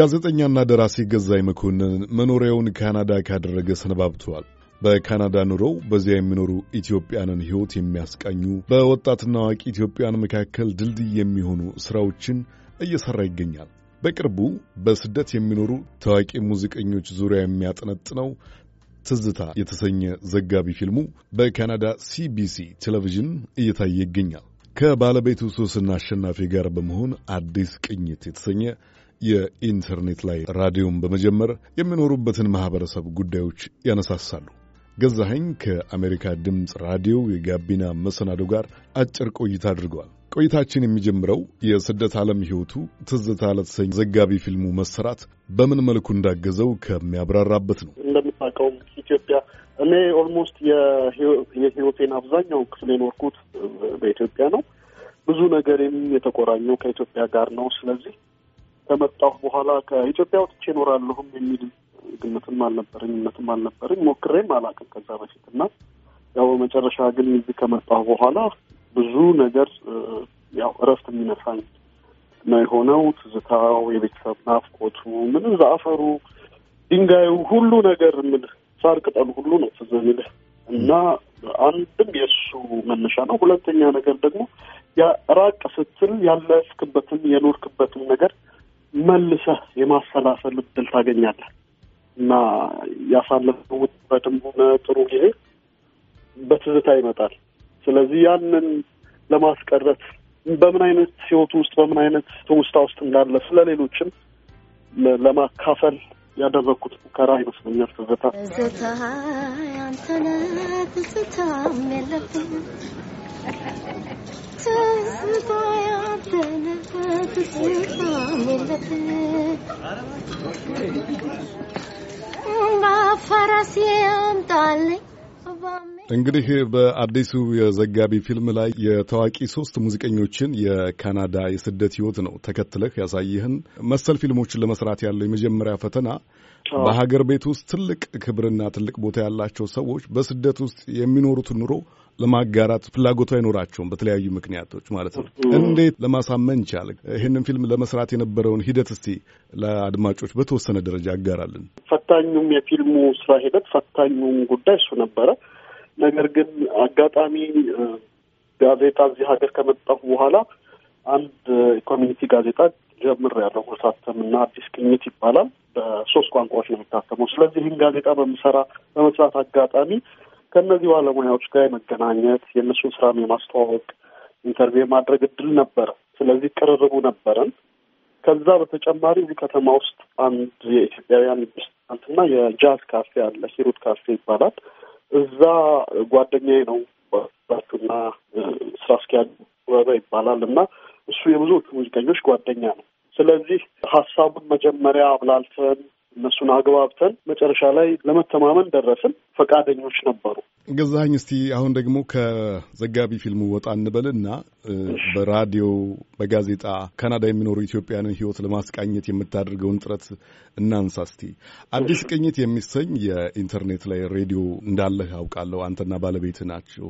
ጋዜጠኛና ደራሲ ገዛይ መኮንን መኖሪያውን ካናዳ ካደረገ ሰነባብተዋል። በካናዳ ኑሮው በዚያ የሚኖሩ ኢትዮጵያንን ሕይወት የሚያስቃኙ በወጣትና አዋቂ ኢትዮጵያን መካከል ድልድይ የሚሆኑ ሥራዎችን እየሠራ ይገኛል። በቅርቡ በስደት የሚኖሩ ታዋቂ ሙዚቀኞች ዙሪያ የሚያጠነጥነው ትዝታ የተሰኘ ዘጋቢ ፊልሙ በካናዳ ሲቢሲ ቴሌቪዥን እየታየ ይገኛል። ከባለቤቱ ሶስና አሸናፊ ጋር በመሆን አዲስ ቅኝት የተሰኘ የኢንተርኔት ላይ ራዲዮን በመጀመር የሚኖሩበትን ማኅበረሰብ ጉዳዮች ያነሳሳሉ። ገዛኸኝ ከአሜሪካ ድምፅ ራዲዮ የጋቢና መሰናዶ ጋር አጭር ቆይታ አድርገዋል። ቆይታችን የሚጀምረው የስደት ዓለም ሕይወቱ ትዝታ ለተሰኘ ዘጋቢ ፊልሙ መሰራት በምን መልኩ እንዳገዘው ከሚያብራራበት ነው። እንደምታውቀው ኢትዮጵያ እኔ ኦልሞስት የሕይወቴን አብዛኛው ክፍል የኖርኩት በኢትዮጵያ ነው። ብዙ ነገርም የተቆራኘው ከኢትዮጵያ ጋር ነው። ስለዚህ ከመጣሁ በኋላ ከኢትዮጵያ ወጥቼ እኖራለሁም የሚል ግምትም አልነበረኝ እምነትም አልነበረኝ። ሞክሬም አላውቅም ከዛ በፊት እና ያው መጨረሻ ግን እዚህ ከመጣሁ በኋላ ብዙ ነገር ያው እረፍት የሚነሳኝ ነው የሆነው። ትዝታው፣ የቤተሰብ ናፍቆቱ፣ ምንም አፈሩ፣ ድንጋዩ፣ ሁሉ ነገር ምን ሳር ቅጠሉ ሁሉ ነው ትዝ የሚልህ እና አንድም የእሱ መነሻ ነው። ሁለተኛ ነገር ደግሞ ራቅ ስትል ያለፍክበትን የኖርክበትን ነገር መልሰህ የማሰላሰል እድል ታገኛለህ እና ያሳለፈው ውጥረትም ሆነ ጥሩ ጊዜ በትዝታ ይመጣል። ስለዚህ ያንን ለማስቀረት በምን አይነት ህይወቱ ውስጥ በምን አይነት ትውስታ ውስጥ እንዳለ ስለሌሎችም ለማካፈል ያደረግኩት ሙከራ ይመስለኛል። ትዝታ ትዝታ አንተነ ትዝታ የለብን እንግዲህ በአዲሱ የዘጋቢ ፊልም ላይ የታዋቂ ሶስት ሙዚቀኞችን የካናዳ የስደት ህይወት ነው ተከትለህ ያሳየህን። መሰል ፊልሞችን ለመስራት ያለው የመጀመሪያ ፈተና በሀገር ቤት ውስጥ ትልቅ ክብርና ትልቅ ቦታ ያላቸው ሰዎች በስደት ውስጥ የሚኖሩትን ኑሮ ለማጋራት ፍላጎቱ አይኖራቸውም በተለያዩ ምክንያቶች ማለት ነው። እንዴት ለማሳመን ቻል ይህንን ፊልም ለመስራት የነበረውን ሂደት እስቲ ለአድማጮች በተወሰነ ደረጃ ያጋራልን። ፈታኙም የፊልሙ ስራ ሂደት ፈታኙም ጉዳይ እሱ ነበረ። ነገር ግን አጋጣሚ ጋዜጣ እዚህ ሀገር ከመጣሁ በኋላ አንድ ኮሚኒቲ ጋዜጣ ጀምር ያለው እና አዲስ ግኝት ይባላል። በሶስት ቋንቋዎች ነው የሚታተመው። ስለዚህ ይህን ጋዜጣ በምሰራ በመስራት አጋጣሚ ከእነዚህ ባለሙያዎች ጋር የመገናኘት የእነሱን ስራም የማስተዋወቅ ኢንተርቪው የማድረግ እድል ነበረ። ስለዚህ ቅርርቡ ነበረን። ከዛ በተጨማሪ እዚህ ከተማ ውስጥ አንድ የኢትዮጵያውያን ሬስቶራንትና የጃዝ ካፌ አለ፣ ሂሩት ካፌ ይባላል። እዛ ጓደኛዬ ነው ባቱና ስራ አስኪያጅ ጥበበ ይባላል እና እሱ የብዙዎቹ ሙዚቀኞች ጓደኛ ነው። ስለዚህ ሀሳቡን መጀመሪያ አብላልተን እነሱን አግባብተን መጨረሻ ላይ ለመተማመን ደረስን። ፈቃደኞች ነበሩ። ገዛኸኝ እስቲ አሁን ደግሞ ከዘጋቢ ፊልሙ ወጣ እንበልና በራዲዮ በጋዜጣ ካናዳ የሚኖሩ ኢትዮጵያንን ሕይወት ለማስቃኘት የምታደርገውን ጥረት እናንሳ እስቲ። አዲስ ቅኝት የሚሰኝ የኢንተርኔት ላይ ሬዲዮ እንዳለህ አውቃለሁ። አንተና ባለቤት ናቸው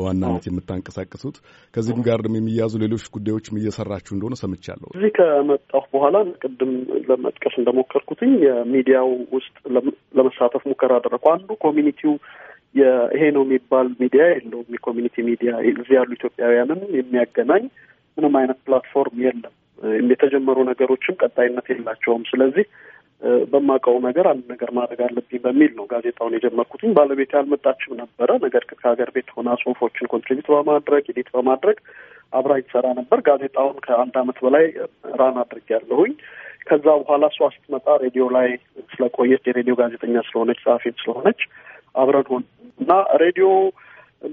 በዋናነት የምታንቀሳቅሱት። ከዚህም ጋር ደግሞ የሚያዙ ሌሎች ጉዳዮችም እየሰራችሁ እንደሆነ ሰምቻለሁ። እዚህ ከመጣሁ በኋላ ቅድም ለመጥቀስ እንደሞከርኩትኝ የሚዲያው ውስጥ ለመሳተፍ ሙከራ አደረግኩ። አንዱ ኮሚኒቲው ይሄ ነው የሚባል ሚዲያ የለውም። የኮሚኒቲ ሚዲያ እዚህ ያሉ ኢትዮጵያውያንን የሚያገናኝ ምንም አይነት ፕላትፎርም የለም። የተጀመሩ ነገሮችም ቀጣይነት የላቸውም። ስለዚህ በማውቀው ነገር አንድ ነገር ማድረግ አለብኝ በሚል ነው ጋዜጣውን የጀመርኩትም። ባለቤት ያልመጣችም ነበረ። ነገር ግን ከሀገር ቤት ሆና ጽሁፎችን ኮንትሪቢት በማድረግ ኤዲት በማድረግ አብራ ይሰራ ነበር። ጋዜጣውን ከአንድ አመት በላይ ራን ያለሁኝ። ከዛ በኋላ እሷ ስትመጣ ሬዲዮ ላይ ስለቆየች የሬዲዮ ጋዜጠኛ ስለሆነች ጸሐፊ ስለሆነች አብረን ሆን እና ሬዲዮ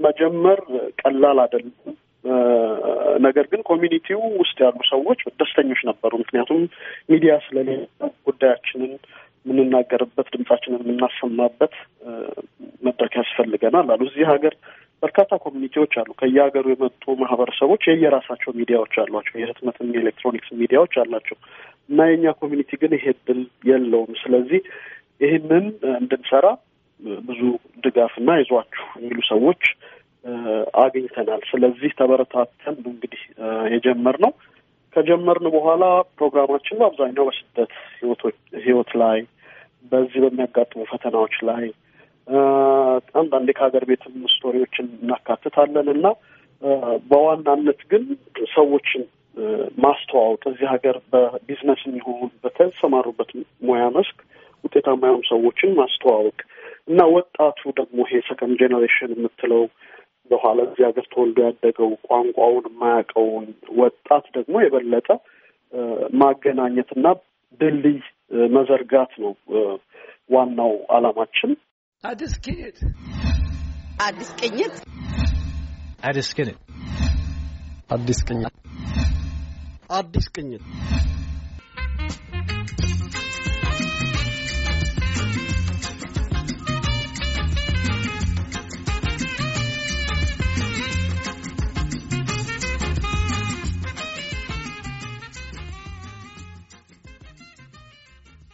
መጀመር ቀላል አይደለም። ነገር ግን ኮሚኒቲው ውስጥ ያሉ ሰዎች ደስተኞች ነበሩ። ምክንያቱም ሚዲያ ስለሌለ ጉዳያችንን የምንናገርበት ድምጻችንን የምናሰማበት መድረክ ያስፈልገናል አሉ። እዚህ ሀገር በርካታ ኮሚኒቲዎች አሉ። ከየሀገሩ የመጡ ማህበረሰቦች የየራሳቸው ሚዲያዎች አሏቸው። የህትመትም የኤሌክትሮኒክስ ሚዲያዎች አላቸው እና የእኛ ኮሚኒቲ ግን ይሄ ድል የለውም። ስለዚህ ይህንን እንድንሰራ ብዙ ድጋፍና ይዟችሁ የሚሉ ሰዎች አግኝተናል። ስለዚህ ተበረታተን እንግዲህ የጀመርነው ከጀመርን በኋላ ፕሮግራማችን በአብዛኛው በስደት ህይወቶች ህይወት ላይ በዚህ በሚያጋጥሙ ፈተናዎች ላይ አንዳንዴ ከሀገር ቤትም ስቶሪዎችን እናካትታለን እና በዋናነት ግን ሰዎችን ማስተዋወቅ እዚህ ሀገር በቢዝነስ የሚሆን በተሰማሩበት ሙያ መስክ ውጤታማ የሆኑ ሰዎችን ማስተዋወቅ እና ወጣቱ ደግሞ ይሄ ሰከንድ ጄኔሬሽን የምትለው በኋላ እዚህ ሀገር ተወልዶ ያደገው ቋንቋውን የማያውቀውን ወጣት ደግሞ የበለጠ ማገናኘትና ድልድይ መዘርጋት ነው ዋናው አላማችን። አዲስ ቅኝት አዲስ ቅኝት አዲስ ቅኝት አዲስ ቅኝት አዲስ ቅኝት